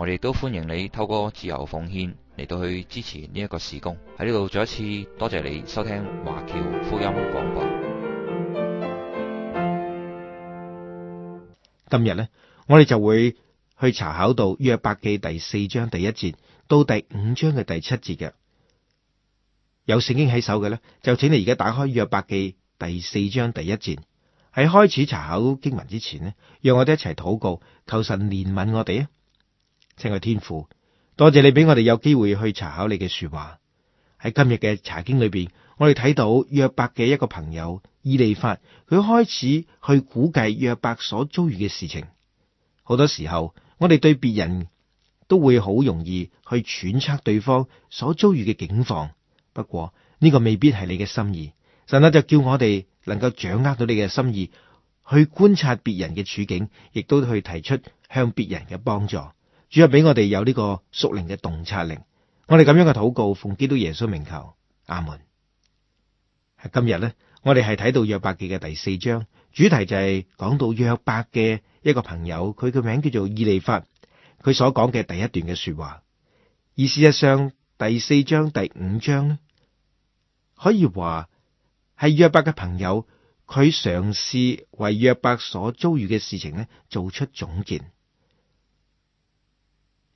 我哋都歡迎你透過自由奉獻嚟到去支持呢一個事工喺呢度。再一次多謝你收聽華僑福音廣播。今日呢，我哋就會去查考到約伯記第四章第一節到第五章嘅第七節嘅。有聖經喺手嘅呢，就請你而家打開約伯記第四章第一節。喺開始查考經文之前呢，讓我哋一齊禱告，求神憐憫我哋啊！真個天父，多謝你俾我哋有機會去查考你嘅說話。喺今日嘅查經裏邊，我哋睇到約伯嘅一個朋友以利法，佢開始去估計約伯所遭遇嘅事情。好多時候，我哋對別人都會好容易去揣測對方所遭遇嘅境況，不過呢、這個未必係你嘅心意。神啊，就叫我哋能夠掌握到你嘅心意，去觀察別人嘅處境，亦都去提出向別人嘅幫助。主要俾我哋有呢個屬靈嘅洞察力，我哋咁樣嘅禱告，奉基督耶穌名求，阿門。今日呢，我哋係睇到約伯記嘅第四章，主題就係講到約伯嘅一個朋友，佢嘅名叫做以利法，佢所講嘅第一段嘅說話。而事實上，第四章第五章呢，可以話係約伯嘅朋友，佢嘗試為約伯所遭遇嘅事情咧，做出總結。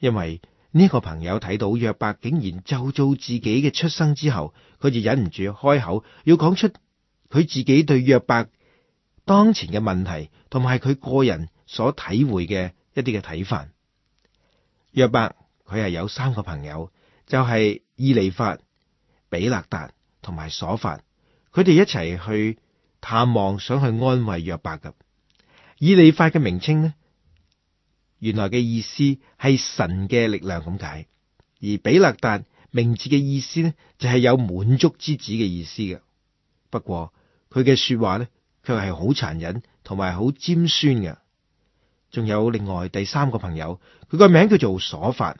因為呢、這個朋友睇到約伯竟然咒詛自己嘅出生之後，佢就忍唔住開口要講出佢自己對約伯當前嘅問題，同埋佢個人所體會嘅一啲嘅睇法。約伯佢係有三個朋友，就係、是、以利法、比勒達同埋瑣法，佢哋一齊去探望，想去安慰約伯嘅。以利法嘅名稱呢？原來嘅意思係神嘅力量咁解，而比勒達名字嘅意思呢，就係、是、有滿足之子嘅意思嘅。不過佢嘅說話呢，佢係好殘忍同埋好尖酸嘅。仲有另外第三個朋友，佢個名叫做瑣法。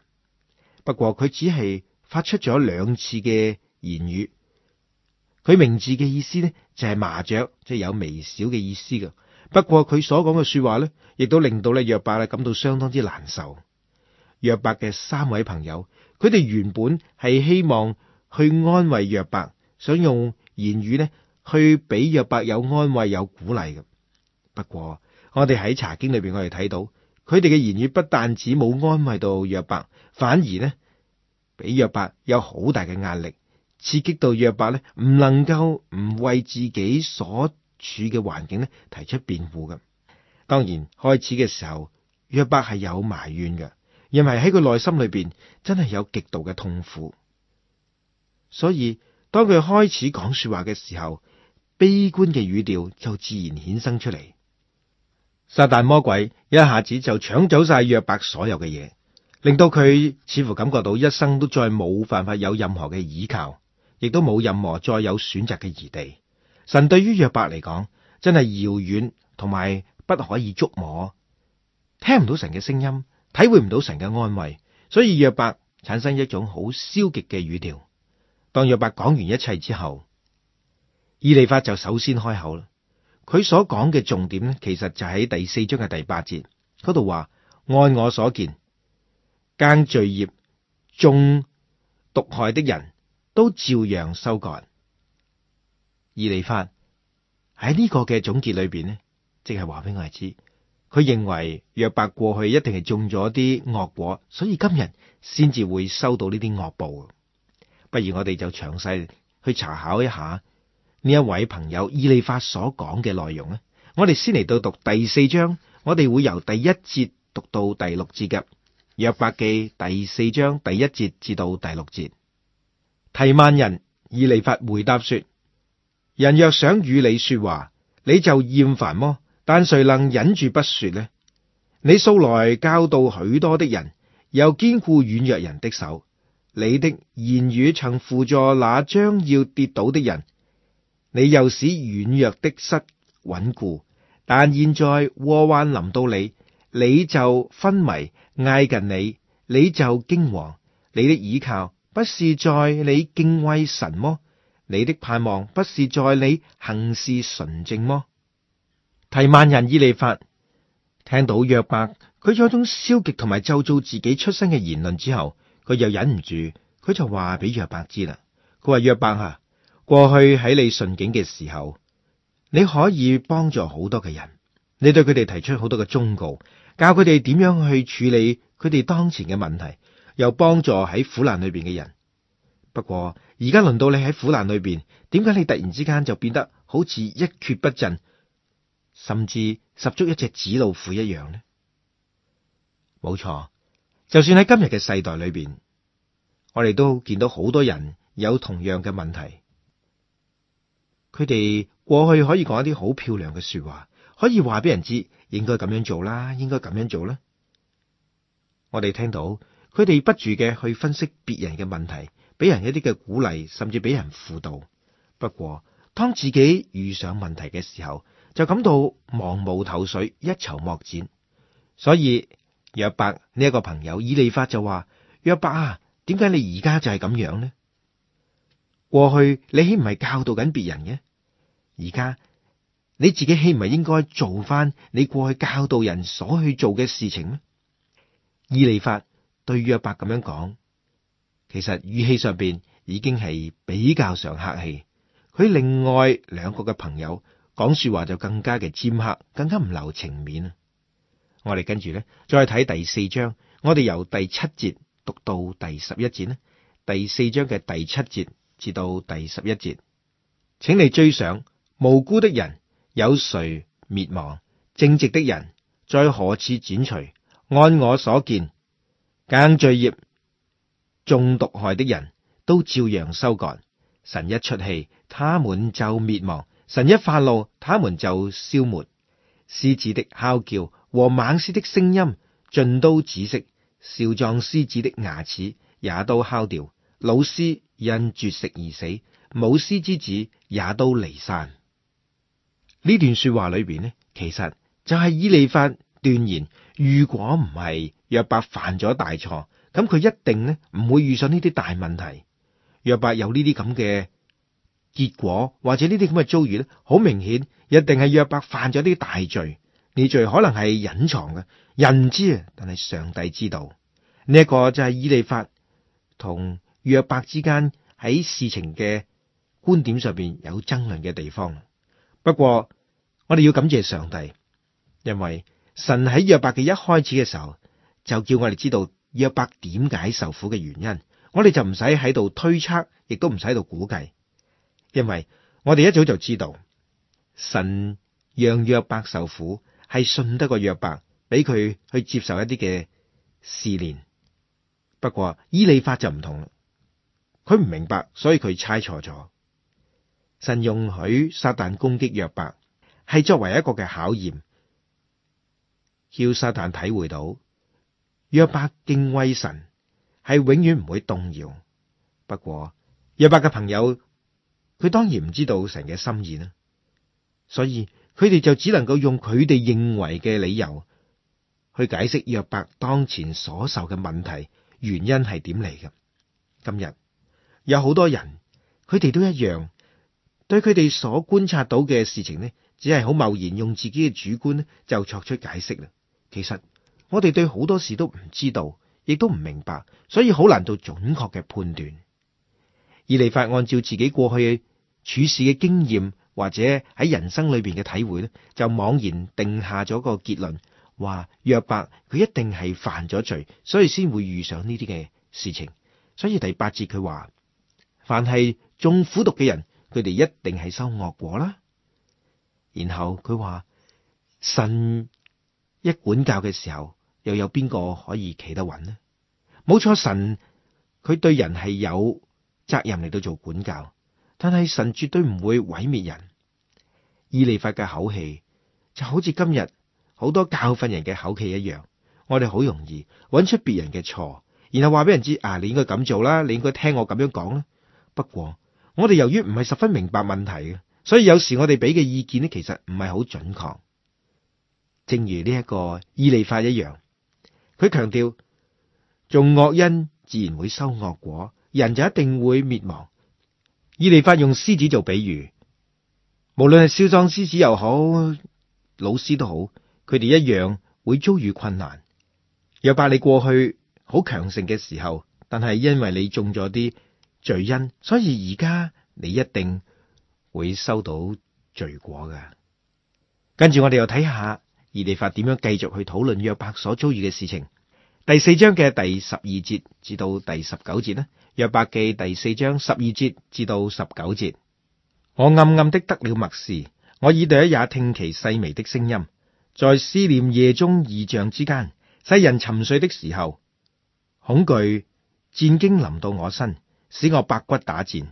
不過佢只係發出咗兩次嘅言語。佢名字嘅意思呢，就係、是、麻雀，即、就、係、是、有微小嘅意思嘅。不過佢所講嘅說話咧，亦都令到咧約伯咧感到相當之難受。約伯嘅三位朋友，佢哋原本係希望去安慰約伯，想用言語呢去俾約伯有安慰有鼓勵嘅。不過我哋喺查經裏邊，我哋睇到佢哋嘅言語不但止冇安慰到約伯，反而呢，俾約伯有好大嘅壓力，刺激到約伯呢，唔能夠唔為自己所。處嘅環境咧提出辯護嘅，當然開始嘅時候，約伯係有埋怨嘅，因為喺佢內心裏邊真係有極度嘅痛苦，所以當佢開始講說話嘅時候，悲觀嘅語調就自然衍生出嚟。撒但魔鬼一下子就搶走晒約伯所有嘅嘢，令到佢似乎感覺到一生都再冇辦法有任何嘅倚靠，亦都冇任何再有選擇嘅餘地。神對於約伯嚟講，真係遙遠同埋不可以觸摸，聽唔到神嘅聲音，體會唔到神嘅安慰，所以約伯產生一種好消極嘅語調。當約伯講完一切之後，以利法就首先開口啦。佢所講嘅重點咧，其實就喺第四章嘅第八節嗰度話：「按我所見，耕罪孽、種毒害的人都照樣收割。」伊利法喺呢個嘅總結裏邊呢，即係話俾我哋知，佢認為約伯過去一定係中咗啲惡果，所以今日先至會收到呢啲惡報。不如我哋就詳細去查考一下呢一位朋友以利法所講嘅內容呢，我哋先嚟到讀第四章，我哋會由第一節讀到第六節嘅《約伯記》第四章第一節至到第六節。提幔人，以利法回答說。人若想與你說話，你就厭煩麼？但誰能忍住不說呢？你素來教導許多的人，又堅固軟弱人的手。你的言語曾扶助那將要跌倒的人，你又使軟弱的失穩固。但現在禍患臨到你，你就昏迷；挨近你，你就驚惶。你的倚靠不是在你敬畏神麼？你的盼望不是在你行事純正麼？提幔人以利法聽到約伯佢有種消極同埋咒詛自己出身嘅言論之後，佢又忍唔住，佢就話俾約伯知啦。佢話約伯啊，過去喺你順境嘅時候，你可以幫助好多嘅人，你對佢哋提出好多嘅忠告，教佢哋點樣去處理佢哋當前嘅問題，又幫助喺苦難裏邊嘅人。不過，而家輪到你喺苦難裏邊，點解你突然之間就變得好似一蹶不振，甚至十足一隻紙老虎一樣呢？冇錯，就算喺今日嘅世代裏邊，我哋都見到好多人有同樣嘅問題。佢哋過去可以講一啲好漂亮嘅說話，可以話俾人知應該咁樣做啦，應該咁樣做啦。我哋聽到，佢哋不住嘅去分析別人嘅問題。俾人一啲嘅鼓勵，甚至俾人輔導。不過當自己遇上問題嘅時候，就感到茫無頭緒，一籌莫展。所以約伯呢一個朋友以利法就話：「約伯啊，點解你而家就係咁樣呢？過去你豈唔係教導緊別人嘅？而家你自己豈唔係應該做翻你過去教導人所去做嘅事情呢？」以利法對約伯咁樣講。其實語氣上邊已經係比較上客氣，佢另外兩個嘅朋友講說話就更加嘅尖刻，更加唔留情面。我哋跟住呢，再睇第四章，我哋由第七節讀到第十一節咧。第四章嘅第七節至到第十一節，請你追想，無辜的人有誰滅亡？正直的人在何處剪除？按我所見，耕罪孽，中毒害的人都照樣收割，神一出氣，他們就滅亡；神一發怒，他們就消沒。獅子的吼叫和猛獅的聲音盡都止息。少壯獅子的牙齒也都敲掉。老獅因絕食而死，母獅之子，子也都離散。呢段說話裏邊呢，其實就係以利法斷言：如果唔係約伯犯咗大錯。咁佢一定咧，唔會遇上呢啲大問題。約伯有呢啲咁嘅結果，或者呢啲咁嘅遭遇咧，好明顯一定係約伯犯咗啲大罪。呢罪可能係隱藏嘅，人唔知啊，但係上帝知道。呢一個就係以利法同約伯之間喺事情嘅觀點上邊有爭論嘅地方。不過我哋要感謝上帝，因為神喺約伯嘅一開始嘅時候就叫我哋知道，約伯點解受苦嘅原因，我哋就唔使喺度推測，亦都唔使度估計，因為我哋一早就知道，神讓約伯受苦係信得過約伯，俾佢去接受一啲嘅試煉。不過以利法就唔同，佢唔明白，所以佢猜錯咗。神容許撒旦攻擊約伯，係作為一個嘅考驗，要撒旦體會到。約伯敬畏神，係永遠唔會動搖。不過約伯嘅朋友，佢當然唔知道神嘅心意啦，所以佢哋就只能夠用佢哋認為嘅理由去解釋約伯當前所受嘅問題，原因係點嚟嘅。今日有好多人，佢哋都一樣，對佢哋所觀察到嘅事情呢，只係好貿然用自己嘅主觀就作出解釋啦。其實。我哋對好多事都唔知道，亦都唔明白，所以好難做準確嘅判斷。以利法按照自己過去處事嘅經驗，或者喺人生裏邊嘅體會咧，就妄言定下咗個結論，話約伯佢一定係犯咗罪，所以先會遇上呢啲嘅事情。所以第八節佢話，凡係種苦毒嘅人，佢哋一定係收惡果啦。然後佢話神一管教嘅時候。又有邊個可以企得穩呢？冇錯，神佢對人係有責任嚟到做管教，但係神絕對唔會毀滅人。以利法嘅口氣就好似今日好多教訓人嘅口氣一樣，我哋好容易揾出別人嘅錯，然後話俾人知啊，你應該咁做啦，你應該聽我咁樣講啦。不過我哋由於唔係十分明白問題嘅，所以有時我哋俾嘅意見咧，其實唔係好準確，正如呢一個以利法一樣。佢強調，種惡因自然會收惡果，人就一定會滅亡。以利法用獅子做比喻，無論係少壯獅子又好，老獅都好，佢哋一樣會遭遇困難。又把你過去好強盛嘅時候，但係因為你中咗啲罪因，所以而家你一定會收到罪果嘅。跟住我哋又睇下。以利法點樣繼續去討論約伯所遭遇嘅事情？第四章嘅第十二節至到第十九節呢？約伯記第四章十二節至到十九節。我暗暗的得了默示，我耳朵也聽其細微的聲音，在思念夜中異象之間，世人沉睡的時候，恐懼戰兢臨到我身，使我百骨打戰。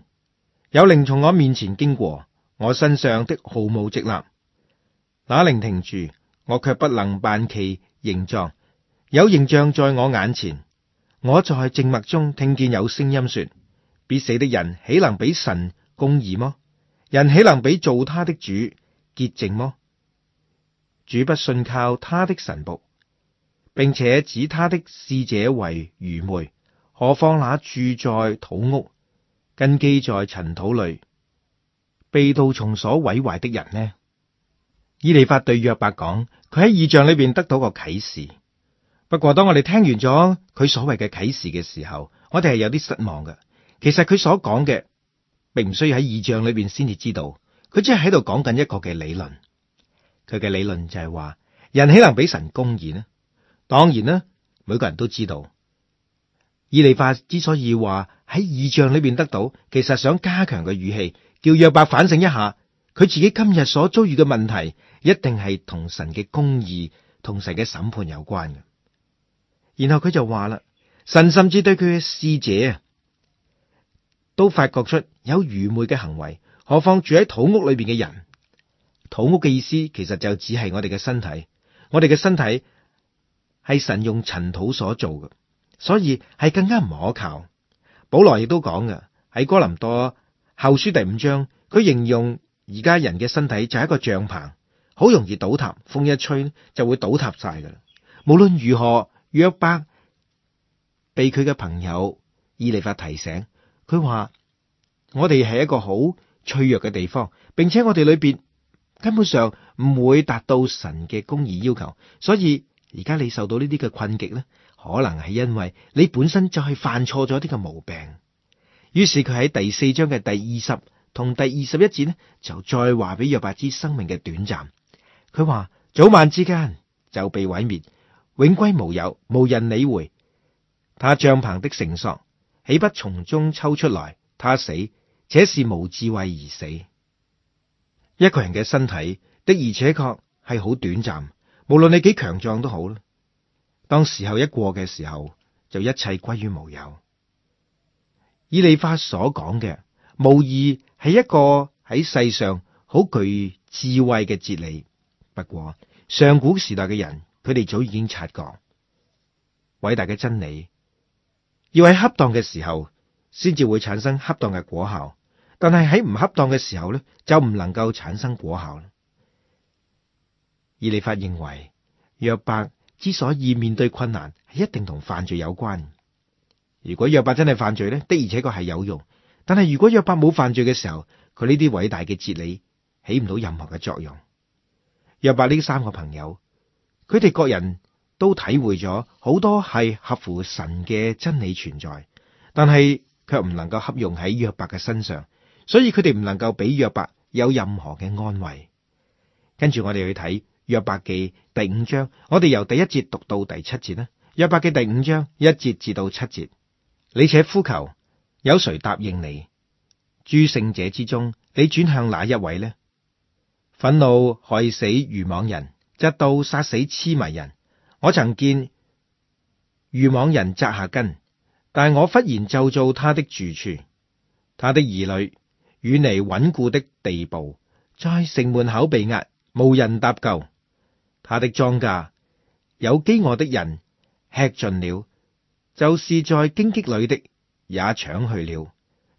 有靈從我面前經過，我身上的毫無直立，那靈停住。我卻不能辨其形狀，有形象在我眼前。我在靜默中聽見有聲音說：必死的人豈能比神公義麼？人豈能比造他的主潔淨麼？主不信靠他的神僕，並且指他的使者為愚昧。何況那住在土屋、根基在塵土裏、被蠹蟲所毀壞的人呢？以利法對約伯講，佢喺異象裏邊得到個啟示。不過，當我哋聽完咗佢所謂嘅啟示嘅時候，我哋係有啲失望嘅。其實佢所講嘅，並唔需要喺異象裏邊先至知道。佢只係喺度講緊一個嘅理論。佢嘅理論就係話，人豈能比神公義呢？當然啦，每個人都知道。以利法之所以話喺異象裏邊得到，其實想加強嘅語氣，叫約伯反省一下佢自己今日所遭遇嘅問題。一定係同神嘅公義同神嘅審判有關嘅。然後佢就話啦，神甚至對佢嘅使者都發覺出有愚昧嘅行為，何況住喺土屋裏邊嘅人。土屋嘅意思其實就只係我哋嘅身體，我哋嘅身體係神用塵土所做嘅，所以係更加唔可靠。保羅亦都講嘅喺哥林多後書第五章，佢形容而家人嘅身體就係一個帳篷。好容易倒塌，風一吹就會倒塌晒噶啦。無論如何，約伯被佢嘅朋友以利法提醒，佢話：我哋係一個好脆弱嘅地方，並且我哋裏邊根本上唔會達到神嘅公義要求。所以而家你受到呢啲嘅困極咧，可能係因為你本身就係犯錯咗啲嘅毛病。於是佢喺第四章嘅第二十同第二十一節咧，就再話俾約伯知生命嘅短暫。佢話早晚之間就被毀滅，永歸無有，無人理會。他帳篷的繩索豈不從中抽出來？他死，且是無智慧而死。一個人嘅身體的而且確係好短暫，無論你幾強壯都好啦。當時候一過嘅時候，就一切歸於無有。以利法所講嘅，無疑係一個喺世上好具智慧嘅哲理。不過上古時代嘅人，佢哋早已經察覺，偉大嘅真理要喺恰當嘅時候，先至會產生恰當嘅果效。但係喺唔恰當嘅時候咧，就唔能夠產生果效。以利法認為，約伯之所以面對困難，係一定同犯罪有關。如果約伯真係犯罪咧，的而且確係有用。但係如果約伯冇犯罪嘅時候，佢呢啲偉大嘅哲理起唔到任何嘅作用。約伯呢三個朋友，佢哋各人都體會咗好多係合乎神嘅真理存在，但係卻唔能夠合用喺約伯嘅身上，所以佢哋唔能夠俾約伯有任何嘅安慰。跟住我哋去睇約伯記第五章，我哋由第一節讀到第七節啦。約伯記第五章一節至到七節，你且呼求，有誰答應你？諸聖者之中，你轉向哪一位呢？憤怒害死愚妄人，嫉妒殺死癡迷人。我曾見愚妄人紮下根，但我忽然就做他的住處。他的兒女遠離穩固的地步，在城門口被壓，無人搭救。他的莊稼有飢餓的人吃盡了，就是在荊棘裏的也搶去了。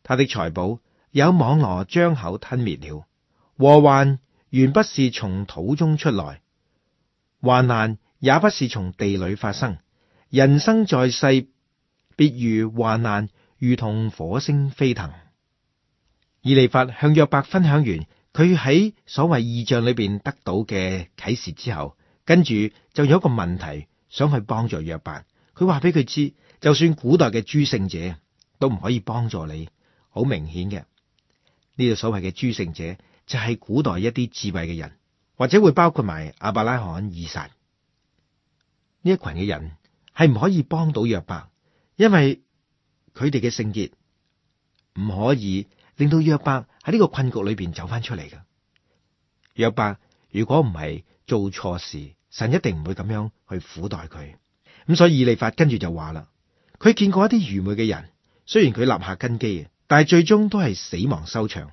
他的財寶有網羅張口吞滅了，禍患。原不是從土中出來，患難也不是從地裏發生。人生在世，必遇患難，如同火星飛騰。以利法向約伯分享完佢喺所謂異象裏邊得到嘅啟示之後，跟住就有一個問題想去幫助約伯。佢話俾佢知，就算古代嘅諸聖者都唔可以幫助你，好明顯嘅呢、呢個所謂嘅諸聖者。就係古代一啲智慧嘅人，或者會包括埋阿伯拉罕、以撒呢一群嘅人，係唔可以幫到約伯，因為佢哋嘅聖潔唔可以令到約伯喺呢個困局裏邊走翻出嚟噶。約伯如果唔係做錯事，神一定唔會咁樣去苦待佢。咁所以以利法跟住就話啦，佢見過一啲愚昧嘅人，雖然佢立下根基，但係最終都係死亡收場。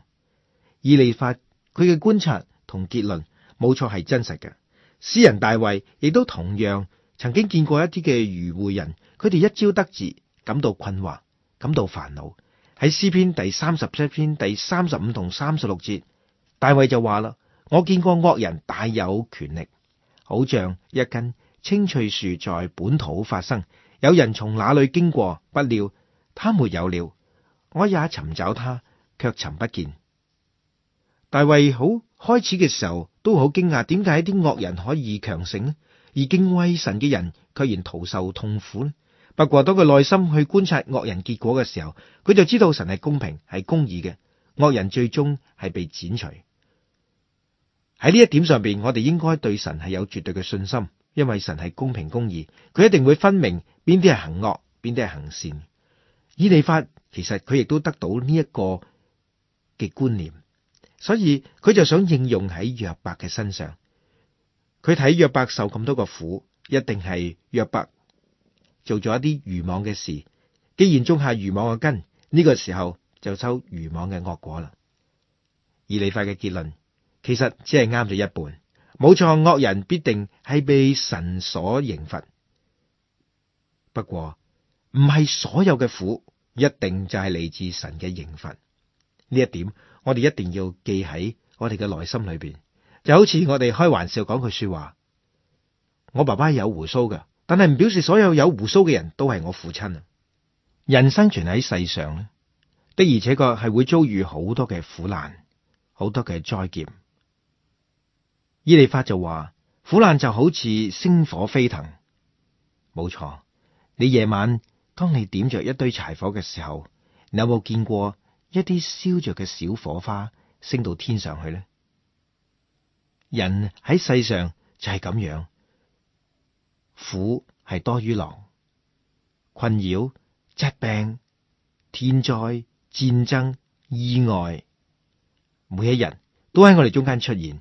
以利法。佢嘅觀察同結論冇錯，係真實嘅。詩人大衛亦都同樣曾經見過一啲嘅漁戶人，佢哋一朝得志，感到困惑，感到煩惱。喺詩篇第三十七篇第三十五同三十六節，大衛就話啦：我見過惡人大有權力，好像一根青翠樹在本土發生，有人從那裡經過，不料他沒有了。我也尋找他，卻尋不見。大衛好開始嘅時候都好驚訝，點解啲惡人可以強盛呢？而敬畏神嘅人居然徒受痛苦呢？不過當佢內心去觀察惡人結果嘅時候，佢就知道神係公平係公義嘅，惡人最終係被剪除。喺呢一點上邊，我哋應該對神係有絕對嘅信心，因為神係公平公義，佢一定會分明邊啲係行惡，邊啲係行善。以利法其實佢亦都得到呢一個嘅觀念。所以佢就想應用喺約伯嘅身上，佢睇約伯受咁多個苦，一定係約伯做咗一啲愚妄嘅事。既然種下愚妄嘅根，呢、這個時候就收愚妄嘅惡果啦。以利法嘅結論其實只係啱咗一半，冇錯，惡人必定係被神所刑罰。不過唔係所有嘅苦一定就係嚟自神嘅刑罰，呢一點。我哋一定要記喺我哋嘅內心裏邊，就好似我哋開玩笑講句說話，我爸爸有鬍鬚嘅，但係唔表示所有有鬍鬚嘅人都係我父親啊！人生存喺世上呢，的而且確係會遭遇好多嘅苦難，好多嘅災劫。以利法就話苦難就好似星火飛騰，冇錯。你夜晚當你點着一堆柴火嘅時候，你有冇見過？一啲燒着嘅小火花升到天上去咧。人喺世上就係咁樣，苦係多於狼，困擾、疾病、天災、戰爭、意外，每一日都喺我哋中間出現。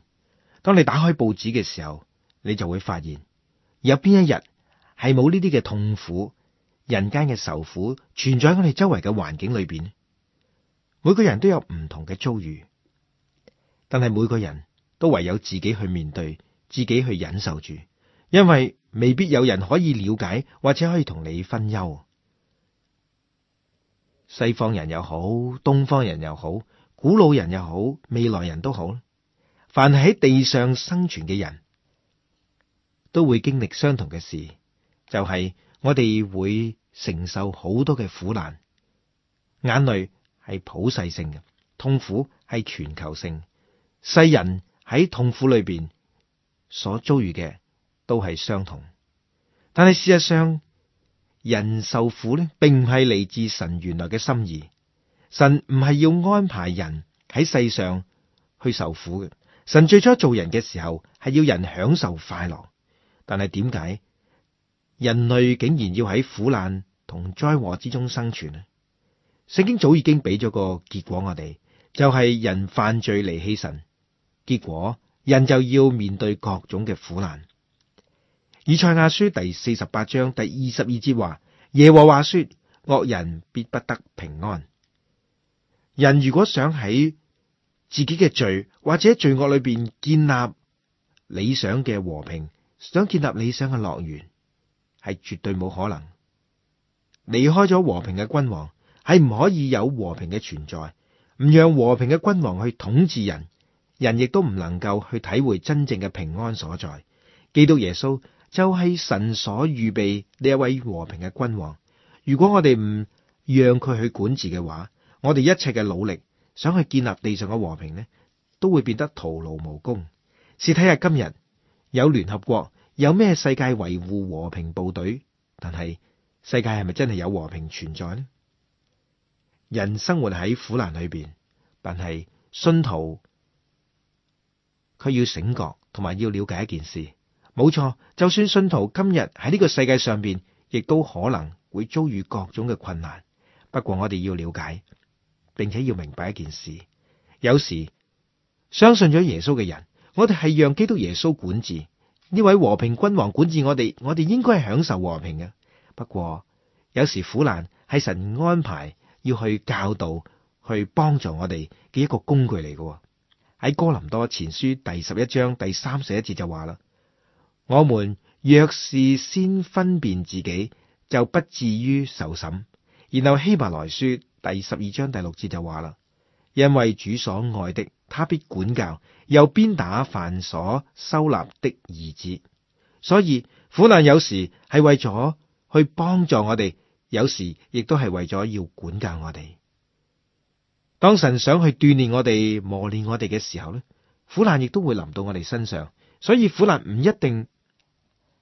當你打開報紙嘅時候，你就會發現有邊一日係冇呢啲嘅痛苦，人間嘅仇苦存在喺我哋周圍嘅環境裏邊。每個人都有唔同嘅遭遇，但係每個人都唯有自己去面對，自己去忍受住，因為未必有人可以了解，或者可以同你分憂。西方人又好，東方人又好，古老人又好，未來人都好，凡係喺地上生存嘅人，都會經歷相同嘅事，就係我哋會承受好多嘅苦難，眼淚。係普世性嘅痛苦，係全球性。世人喺痛苦裏邊所遭遇，嘅都係相同，但係事實上，人受苦呢，並唔係嚟自神原來嘅心意。神唔係要安排人喺世上去受苦嘅。神最初做人嘅時候，係要人享受快樂。但係，點解人類竟然要喺苦難同災禍之中生存呢？聖經早已經俾咗個結果我，我哋就係、是、人犯罪離棄神，結果人就要面對各種嘅苦難。以賽亞書第四十八章第二十二節話：「耶和華說，惡人必不得平安。人如果想喺自己嘅罪或者罪惡裏邊建立理想嘅和平，想建立理想嘅樂園，係絕對冇可能。離開咗和平嘅君王。係唔可以有和平嘅存在，唔讓和平嘅君王去統治人，人亦都唔能夠去體會真正嘅平安所在。基督耶穌就係神所預備呢一位和平嘅君王。如果我哋唔讓佢去管治嘅話，我哋一切嘅努力想去建立地上嘅和平呢，都會變得徒勞無功。試睇下今日有聯合國，有咩世界維護和平部隊？但係世界係咪真係有和平存在呢？人生活喺苦難裏邊，但係信徒佢要醒覺，同埋要了解一件事。冇錯，就算信徒今日喺呢個世界上邊，亦都可能會遭遇各種嘅困難。不過我哋要了解，並且要明白一件事：有時相信咗耶穌嘅人，我哋係讓基督耶穌管治呢位和平君王管治我哋，我哋應該係享受和平嘅。不過有時苦難係神安排。要去教導、去幫助我哋嘅一個工具嚟嘅。喺哥林多前書第十一章第三十一節就話啦，我們若是先分辨自己，就不至於受審。然後希伯來書第十二章第六節就話啦，因為主所愛的，他必管教，又鞭打凡所收納的兒子，所以苦難有時係為咗去幫助我哋。有時亦都係為咗要管教我哋。當神想去鍛煉我哋、磨練我哋嘅時候咧，苦難亦都會臨到我哋身上。所以苦難唔一定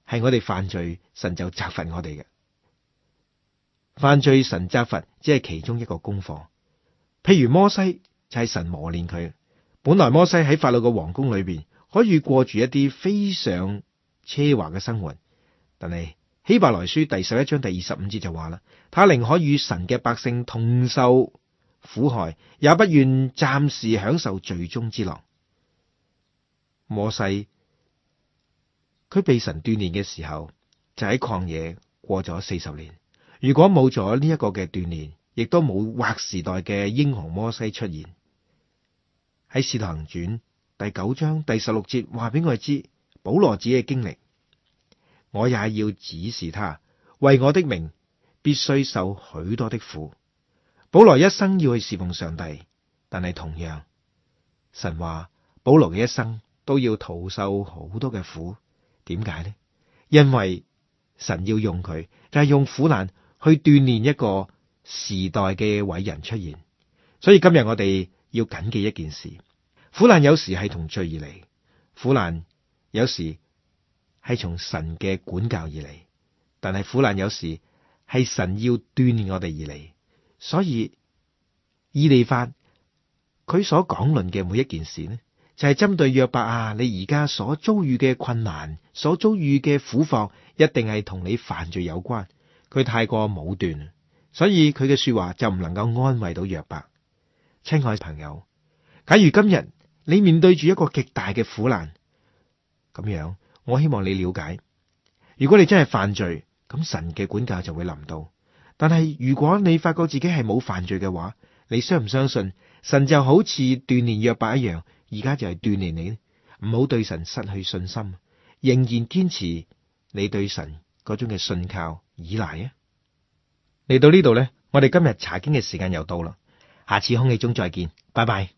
係我哋犯罪，神就責罰我哋嘅。犯罪神責罰只係其中一個功課。譬如摩西就係、是、神磨練佢。本來摩西喺法老嘅皇宮裏邊可以過住一啲非常奢華嘅生活，但係，希伯來書第十一章第二十五節就話啦，他寧可與神嘅百姓同受苦害，也不願暫時享受罪中之樂。摩西，佢被神鍛煉嘅時候，就喺曠野過咗四十年。如果冇咗呢一個嘅鍛煉，亦都冇劃時代嘅英雄摩西出現。喺使徒行傳第九章第十六節話俾我哋知，保羅自己嘅經歷。我也要指示他，為我的名必須受許多的苦。保羅一生要去侍奉上帝，但係同樣，神話保羅嘅一生都要徒受好多嘅苦。點解呢？因為神要用佢，就係用苦難去鍛煉一個時代嘅偉人出現。所以今日我哋要謹記一件事：苦難有時係同罪而嚟，苦難有時係從神嘅管教而嚟，但係苦難有時係神要鍛煉我哋而嚟，所以以利法佢所講論嘅每一件事呢，就係針對約伯啊，你而家所遭遇嘅困難，所遭遇嘅苦況，一定係同你犯罪有關。佢太過武斷，所以佢嘅說話就唔能夠安慰到約伯。親愛朋友，假如今日你面對住一個極大嘅苦難，咁樣。我希望你了解，如果你真係犯罪，咁神嘅管教就會臨到。但係如果你發覺自己係冇犯罪嘅話，你相唔相信神就好似鍛煉約伯一樣，而家就係鍛煉你咧？唔好對神失去信心，仍然堅持你對神嗰種嘅信靠依賴啊！嚟到呢度呢，我哋今日查經嘅時間又到啦，下次空氣中再見，拜拜。